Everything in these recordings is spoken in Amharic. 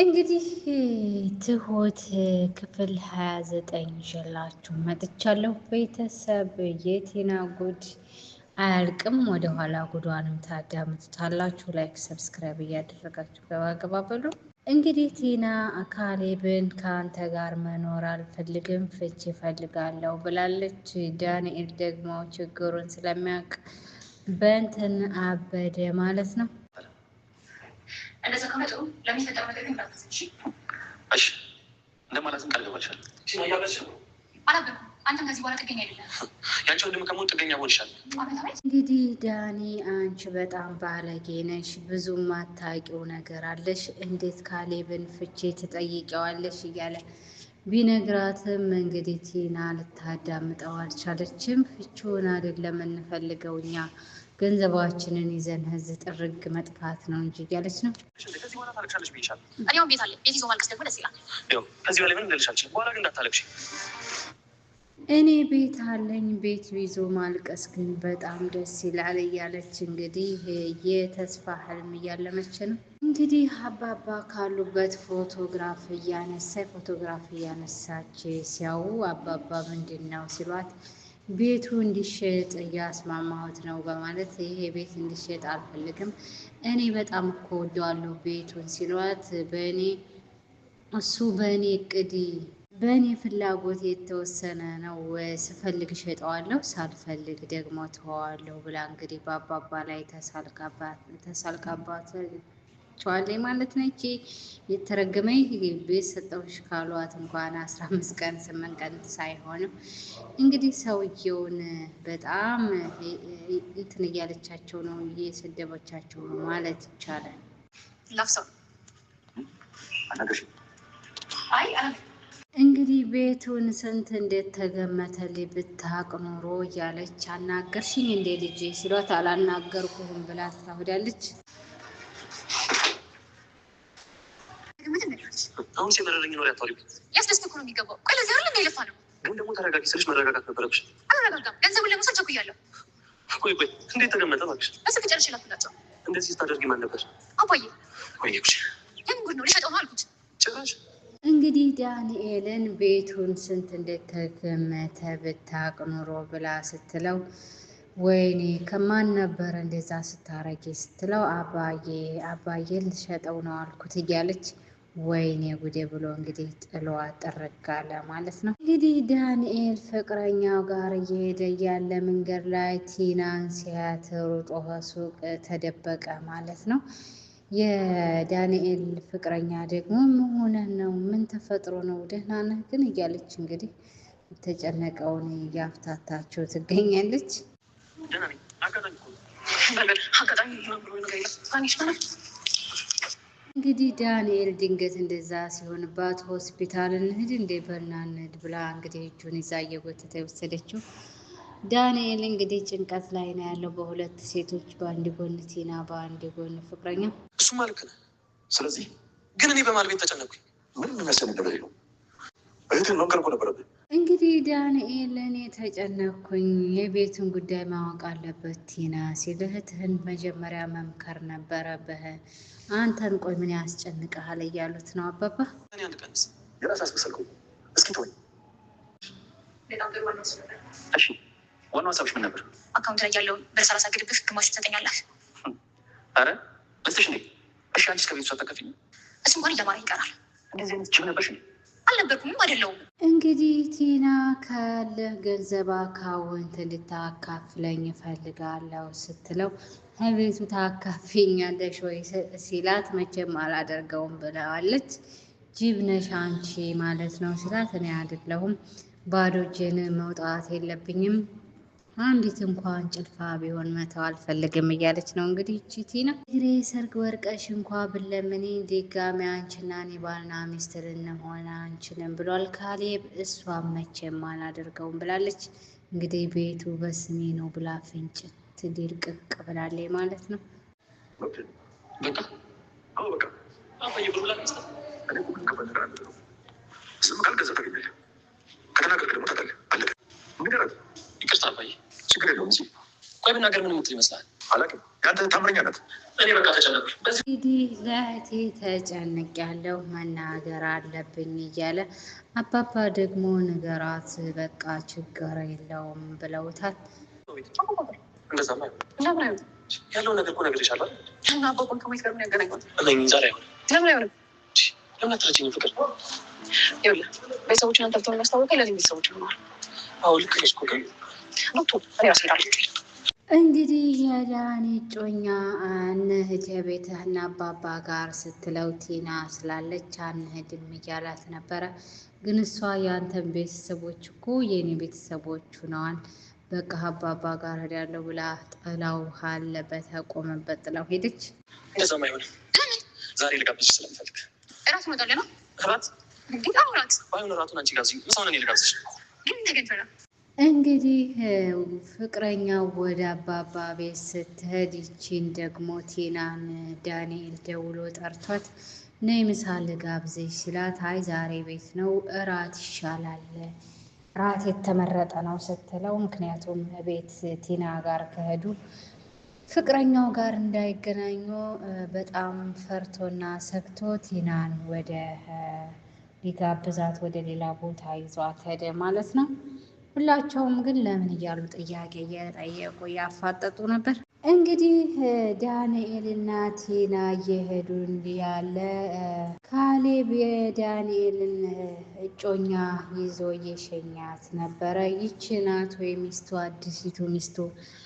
እንግዲህ ትሁት ክፍል ዘጠኝ ይዤላችሁ መጥቻለሁ። ቤተሰብ የቴና ጉድ አያልቅም። ወደኋላ ጉዷንም ታዳምጡታላችሁ። ላይክ፣ ሰብስክራይብ እያደረጋችሁ ገባገባ እንግዲህ ቲና ካሌብን ከአንተ ጋር መኖር አልፈልግም፣ ፍች ይፈልጋለሁ ብላለች። ዳንኤል ደግሞ ችግሩን ስለሚያውቅ በንትን አበደ ማለት ነው እንደዛ ከሆነ ጥሩ። ለሚፈጠሩ ነገር ግን መርዝ እሺ፣ እሺ። እንደማላዝም ቃል ገባልሻል። አላበቁ እንግዲህ ዳኒ፣ አንቺ በጣም ባለጌ ነሽ፣ ብዙ ማታውቂው ነገር አለሽ። እንዴት ካሌብን ፍቼ ትጠይቂዋለሽ? እያለ ቢነግራትም እንግዲህ ቲና ልታዳምጠው አልቻለችም። ፍቺውን አይደለም የምንፈልገው እኛ ገንዘባችንን ይዘን ህዝ ጥርግ መጥፋት ነው እንጂ እያለች ነው። እኔ ቤት አለኝ፣ ቤት ይዞ ማልቀስ ግን በጣም ደስ ይላል እያለች እንግዲህ የተስፋ ህልም እያለመች ነው። እንግዲህ አባባ ካሉበት ፎቶግራፍ እያነሳ ፎቶግራፍ እያነሳች ሲያዩ አባባ ምንድን ነው ሲሏት ቤቱ እንዲሸጥ እያስማማሁት ነው በማለት ይሄ ቤት እንዲሸጥ አልፈልግም፣ እኔ በጣም እኮ ወደዋለሁ ቤቱን ሲሏት በእኔ እሱ በእኔ እቅድ በእኔ ፍላጎት የተወሰነ ነው፣ ስፈልግ እሸጠዋለሁ፣ ሳልፈልግ ደግሞ ተዋዋለሁ ብላ እንግዲህ በአባባ ላይ ተሳልቃባት ታያቸዋለች ማለት ነው። እቺ የተረገመኝ ቤት ሰጠሁሽ ካሏት እንኳን አስራ አምስት ቀን ስምንት ቀን ሳይሆንም እንግዲህ ሰውየውን በጣም እንትን እያለቻቸው ነው፣ እየሰደበቻቸው ነው ማለት ይቻላል። እንግዲህ ቤቱን ስንት እንዴት ተገመተልኝ ብታቅ ኖሮ እያለች አናገርሽኝ እንደ ልጄ ሲሏት አላናገርኩህም ብላ ታውዳለች። አሁን ሲመረረኝ ነው ያታሪ ያስደስትኩ ነው የሚገባው። ቆይ ለዚህ አይደለም የለፋ ነው። ግን ደግሞ ተረጋጊ ስልሽ መረጋጋት ነበረብሽ። አላረጋጋም፣ ገንዘቡን ለመውሰድ ቸኩያለሁ። ቆይ ቆይ እንዴት ተቀመጠ እባክሽ? በስብ ጨርሽ ላፍላቸው። እንደዚህ ስታደርጊ ማን ነበር? አባዬ። ቆይ ቁሽ ጉድ ነው ሊሸጠው ነው አልኩት። ጭራሽ እንግዲህ ዳንኤልን ቤቱን ስንት እንደተገመተ ብታቅ ኑሮ ብላ ስትለው ወይኔ ከማን ነበር እንደዛ ስታረጊ ስትለው አባዬ አባዬ ልሸጠው ነው አልኩት እያለች ወይኔ ጉዴ ብሎ እንግዲህ ጥሏ ጠረጋለ ማለት ነው። እንግዲህ ዳንኤል ፍቅረኛው ጋር እየሄደ ያለ መንገድ ላይ ቲናን ሲያት ሩጦ ሱቅ ተደበቀ ማለት ነው። የዳንኤል ፍቅረኛ ደግሞ ምን ሆነህ ነው? ምን ተፈጥሮ ነው? ደህና ነህ ግን እያለች እንግዲህ የተጨነቀውን እያፍታታቸው ትገኛለች። እንግዲህ ዳንኤል ድንገት እንደዛ ሲሆንባት ሆስፒታል እንሂድ እንዴ በናንድ ብላ እንግዲህ እጁን ይዛ እየጎተተ የወሰደችው ዳንኤል እንግዲህ ጭንቀት ላይ ነው ያለው። በሁለት ሴቶች በአንድ ጎን ቲና፣ በአንድ ጎን ፍቅረኛ። እሱ ማልክ ነህ። ስለዚህ ግን እኔ በማልቤት ተጨነኩኝ። ምን የሚመስል ነገር የለውም። እህትን መንከልኮ ነበረብኝ እንግዲህ ዳንኤል እኔ ተጨነኩኝ፣ የቤትን ጉዳይ ማወቅ አለበት ቲና ሲል እህትህን መጀመሪያ መምከር ነበረብህ። አንተን ቆይ ምን ያስጨንቀሃል እያሉት ነው አባባ። ዋናው ሀሳብሽ ምን ነበር? አካውንት ላይ ያለውን በሰላሳ ግድብህ ግማሽ ትሰጠኛለህ። አረ እሺ፣ አንቺስ ከቤቱ ሳታከፍኝ እሱ እንኳን ለማራ ይቀራል። እንደዚህ አይነት ችም ነበርሽ አልነበርኩም አይደለውም። እንግዲህ ቲና ካለህ ገንዘብ አካውንት እንድታካፍለኝ እፈልጋለሁ ስትለው ቤቱ ታካፊኛለሽ ወይ ሲላት መቼም አላደርገውም ብለዋለች። ጅብ ነሽ አንቺ ማለት ነው ሲላት እኔ አይደለሁም ባዶ እጄን መውጣት የለብኝም አንዲት እንኳን ጭልፋ ቢሆን መተው አልፈልግም እያለች ነው እንግዲህ እቺ ቲና። እግሬ ሰርግ ወርቀሽ እንኳ ብለምኔ ድጋሚ አንቺና እኔ ባልና ሚስትር እንሆን አንችልም ብሏል ካሌብ። እሷም መቼም አላደርገውም ብላለች። እንግዲህ ቤቱ በስሜ ነው ብላ ፍንጭት ድርቅቅ ብላለች ማለት ነው። ስም ካልገዛ ታገኛለህ ከተናገርክ ደግሞ ታጣለህ ችግር የለውም። እዚህ ቆይ ብናገር ምን ምትል ይመስላል? አላውቅም። ያንተ ታምረኛ እኔ በቃ ተጨነቅኩ። እንግዲህ ለእህቴ ተጨንቅ ያለው መናገር አለብኝ እያለ አባባ ደግሞ ነገራት። በቃ ችግር የለውም ብለውታል። ያለው ነገር እኮ ነግሬሻለሁ። እና አባባ ከቤት ጋር ምን ያገናኛል? ለምን አይሆንም ለምን አትረጅኝም? ፍቅር ይኸውልህ፣ ቤተሰቦችን አንተ ብትሆን የሚያስታወቀኝ ለዚህ ቤተሰቦች ነው። አዎ ልክ ነሽ እኮ ግን ዶክቶ እኔ ራሴ እንግዲህ የዳኒ እጮኛ አንህድ የቤትህና አባባ ጋር ስትለው ቲና ስላለች አንህድም እያላት ነበረ። ግን እሷ የአንተን ቤተሰቦች እኮ የኔ ቤተሰቦች ሆነዋል በቃ አባባ ጋር ሄዳለሁ ብላ ጥላው አለበት ቆመበት ጥላው ሄደች። እንደዛም አይሆንም ዛሬ ልጋብዝሽ ስለምፈልግ እራት እንወጣለን ነው እራት እንግዲህ ፍቅረኛ ወደ አባባ ቤት ስትሄድ ይቺን ደግሞ ቴናን ዳንኤል ደውሎ ጠርቷት ነይ ምሳ ልጋብዝሽ ስላት አይ ዛሬ ቤት ነው እራት ይሻላል እራት የተመረጠ ነው ስትለው ምክንያቱም ቤት ቲና ጋር ከሄዱ ፍቅረኛው ጋር እንዳይገናኙ በጣም ፈርቶና ሰግቶ ቲናን ወደ ሊጋብዛት ወደ ሌላ ቦታ ይዟት ሄደ ማለት ነው። ሁላቸውም ግን ለምን እያሉ ጥያቄ እየጠየቁ እያፋጠጡ ነበር። እንግዲህ ዳንኤልና ቲና እየሄዱ ያለ ካሌብ የዳንኤልን እጮኛ ይዞ እየሸኛት ነበረ። ይቺ ናት ወይ ሚስቱ፣ አዲሲቱ ሚስቱ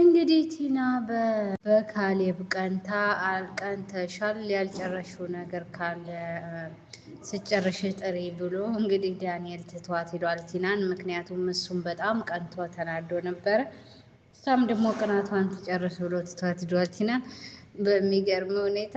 እንግዲህ ቲና በካሌብ ቀንታ አልቀንተሻል፣ ያልጨረሽው ነገር ካለ ስጨርሽ ጥሪ ብሎ እንግዲህ ዳንኤል ትቷት ሄዷል ቲናን። ምክንያቱም እሱም በጣም ቀንቶ ተናዶ ነበረ። እሷም ደግሞ ቅናቷን ትጨርስ ብሎ ትቷት ሄዷል ቲናን በሚገርም ሁኔታ።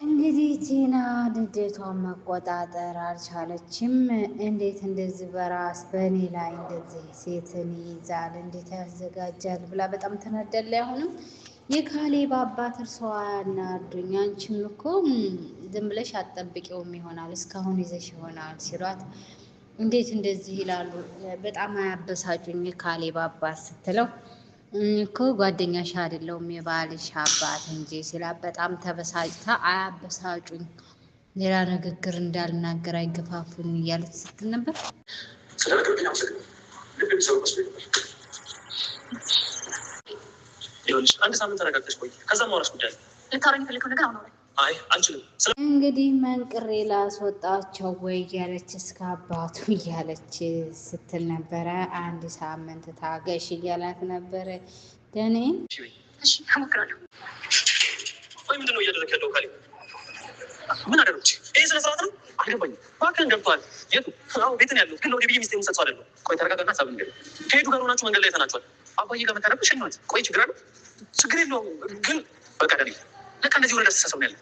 እንግዲህ ቲና ንዴቷን መቆጣጠር አልቻለችም። እንዴት እንደዚህ በራስ በእኔ ላይ እንደዚህ ሴትን ይይዛል እንዴት ያዘጋጃል ብላ በጣም ተናደለ። አይሆንም የካሌብ አባት እርስዋ ያናዱኝ። አንቺም እኮ ዝም ብለሽ አትጠብቂውም ይሆናል እስካሁን ይዘሽ ይሆናል ሲሏት፣ እንዴት እንደዚህ ይላሉ በጣም አያበሳጩኝ የካሌብ አባት ስትለው እኮ ጓደኛሽ አይደለሁም የባልሽ አባት እንጂ ሲላት በጣም ተበሳጭታ አያበሳጩኝ፣ ሌላ ንግግር እንዳልናገር አይገፋፉኝ እያለች ስትል ነበር። አንድ ሳምንት ተረጋግተሽ ቆይ። ከዛ ማውራሽ ጉዳይ ልታወራኝ የፈለግከው ነገር አሁን እንግዲህ መንቅሬ ላስወጣቸው ወይ እያለች እስከ አባቱ እያለች ስትል ነበረ። አንድ ሳምንት ታገሽ እያላት ነበረ። ደኔ ምን አደረች? ይህ ስነ ስርዓት ነው። አይገባኝም። እባክህን ገብቶሃል። የቱ ቤትን ያለው ግን ለወደ ብዬ ሚስቴ የምሰጥ ሰው አይደለሁም። ቆይ ተረጋጋና ሳብ ንገ ከሄዱ ጋር ሆናችሁ መንገድ ላይ ተናቸዋል። አባዬ ጋር መታረቅ ሽንት ቆይ ችግር አለ ችግር የለውም ግን በቃ ደኔ ልክ እንደዚህ ወደ ደስ ሰው ያለ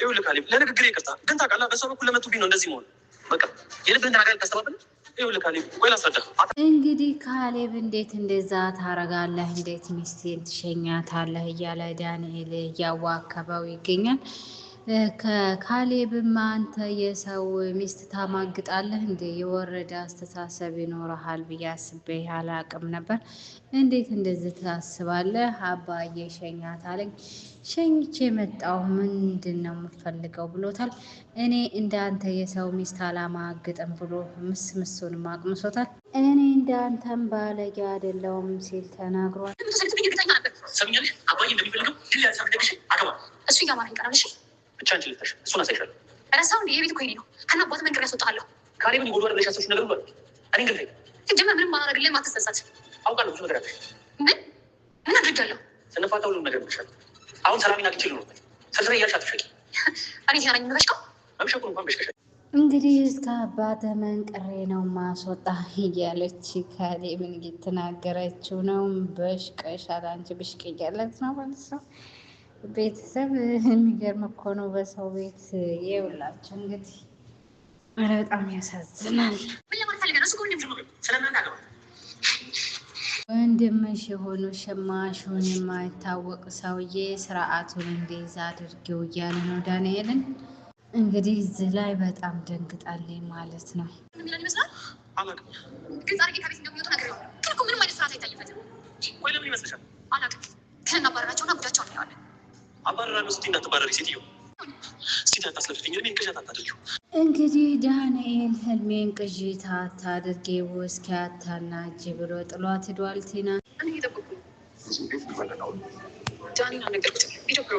ይኸውልህ፣ ካሌብ ለንግግር ይቅርታ፣ ግን ታውቃለህ፣ በሰው በኩል ለመጡብኝ ነው እንደዚህ መሆን። በቃ የልብህን ተናገር ካስተባበል እንግዲህ ካሌብ እንዴት እንደዛ ታረጋለህ? እንዴት ሚስቴን ትሸኛታለህ? እያለ ዳንኤል እያዋከበው ይገኛል። ከካሌብማ አንተ የሰው ሚስት ታማግጣለህ እንዴ? የወረደ አስተሳሰብ ይኖረሃል ብዬ አስቤ አላቅም ነበር። እንዴት እንደዚህ ታስባለህ? አባዬ ሸኛት አለኝ። ሸኝቼ የመጣው ምንድን ነው የምፈልገው ብሎታል። እኔ እንዳንተ የሰው ሚስት አላማግጥም ብሎ ምስ አቅምሶታል። እኔ እንዳንተም ባለጌ አይደለሁም ሲል ተናግሯል። ብቻ አንቺ ልፍታሽ፣ እሱን አሳይሻለሁ። ረሳው እንዲ የቤት እኮ የእኔ ነው። ከናባት መንገድ ያስወጣለሁ። ምን ይጎዱ አደለሽ ያሰብሽ ነገር ብሏል። እኔ እንግል ጀመ ምንም አላረግልህም። አትሰሳት። አውቃለሁ ብዙ ነገር ያለሽ። ምን ምን አድርጋለሁ? ስንፋታ ሁሉም ነገር ብሻል። አሁን ሰላሚን አግኝቼ ልኖር ስልስለ እያልሽ አትሸቂ። እኔ ሲያናኝ መበሽቀው መምሸቁ እንኳን በሽቀሻል። እንግዲህ እስከ አባተ መንቅሬ ነው ማስወጣ እያለች ካሌብን እየተናገረችው ነው። በሽቀሻል አንቺ ብሽቅ እያለት ነው ማለት ነው። ቤተሰብ የሚገርም እኮ ነው። በሰው ቤት የውላቸው እንግዲህ አረ በጣም ያሳዝናል። ወንድምሽ የሆኑ ሸማሹን የማይታወቅ ሰውዬ ስርዓቱን እንዴዝ አድርጌው እያለ ነው ዳንኤልን። እንግዲህ እዚህ ላይ በጣም ደንግጣለኝ ማለት ነው። ምንም አይነት ስርዓት አይታይበትም። ወይ ለምን ይመስልሻል? አላውቅም። ከእናባረራቸውና ጉዳቸውን እናየዋለን አባራን ውስጥ እንዳትባረሪ ሴትዮ እንግዲህ ዳንኤል ህልሜን ቅዥት አታድርጌ ውስኪ አታናጅ ብሎ ጥሏት ሄዷል። ቲና ዳንኤል ነገር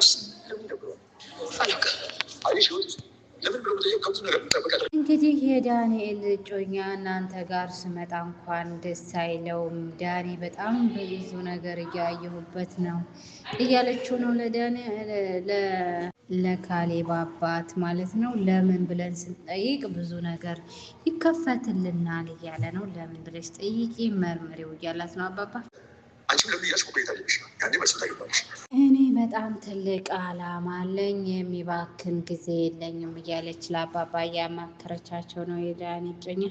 እንግዲህ የዳንኤል እጮኛ እናንተ ጋር ስመጣ እንኳን ደስ አይለውም። ዳኒ በጣም በብዙ ነገር እያየሁበት ነው እያለችው ነው ለካሌብ አባት ማለት ነው። ለምን ብለን ስንጠይቅ ብዙ ነገር ይከፈትልናል እያለ ነው። ለምን ብለሽ ጠይቂ መርምሬው እያላት ነው አባባ በጣም ትልቅ አላማ አለኝ የሚባክን ጊዜ የለኝም እያለች ለአባባ እያማከረቻቸው ነው። የዳን ይገኛ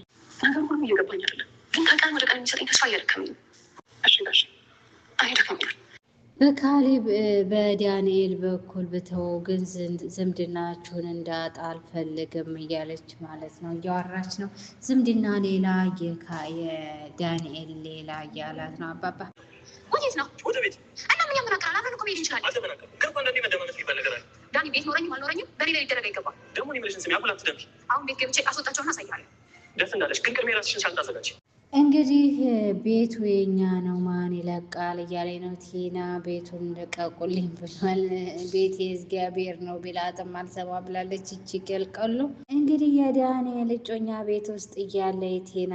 በካሌብ በዳንኤል በኩል ብተው ግን ዝምድናችሁን እንዳጣ አልፈልግም እያለች ማለት ነው፣ እያወራች ነው። ዝምድና ሌላ የዳንኤል ሌላ እያላት ነው አባባ ወዴት ነው? ወደ ቤት እና ምን ያመናቅራል? አብረን እኮ መሄድ እንችላለን። አልተመናቀርም። ግን እኮ አንዳንዴ መደማመጥ ይባል ነገር አለ። ዳኒ ቤት ኖረኝም አልኖረኝም በሌላ ሊደረግ አይገባም። ደግሞ እኔ የምልሽን ስሚ፣ አሁን ቤት ገብቼ አስወጣቸውና አሳይሃለሁ። ደስ እንዳለሽ ግን ቅድሜ ራስሽን ሻንጣ አዘጋጅ። እንግዲህ ቤቱ የኛ ነው ማን ይለቃል እያለ ነው። ቲና ቤቱን ልቀቁልኝ ብሏል። ቤት የእግዚአብሔር ነው ቢላትም አልሰማ ብላለች። እቺ ቀልቀሉ እንግዲህ የዳንኤል እጮኛ ቤት ውስጥ እያለ ቲና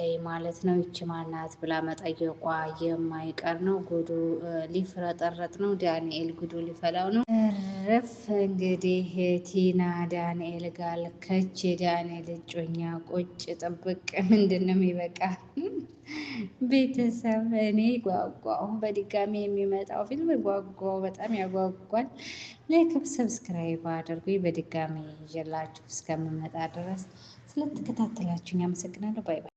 ላይ ማለት ነው እቺ ማናት ብላ መጠየቋ የማይቀር ነው። ጉዱ ሊፍረጠረጥ ነው። ዳንኤል ጉዱ ሊፈላው ነው። ተረፍ እንግዲህ ቲና ዳንኤል ጋር ልከች የዳንኤል እጮኛ ቁጭ ጥብቅ ምንድን ነው የሚበቃ ቤተሰብ እኔ ጓጓሁ። በድጋሚ የሚመጣው ፊልም ጓጓሁ፣ በጣም ያጓጓል። ላይክም ሰብስክራይብ አድርጉኝ። በድጋሚ ይዤላችሁ እስከምመጣ ድረስ ስለተከታተላችሁ አመሰግናለሁ። ባይ ባይ።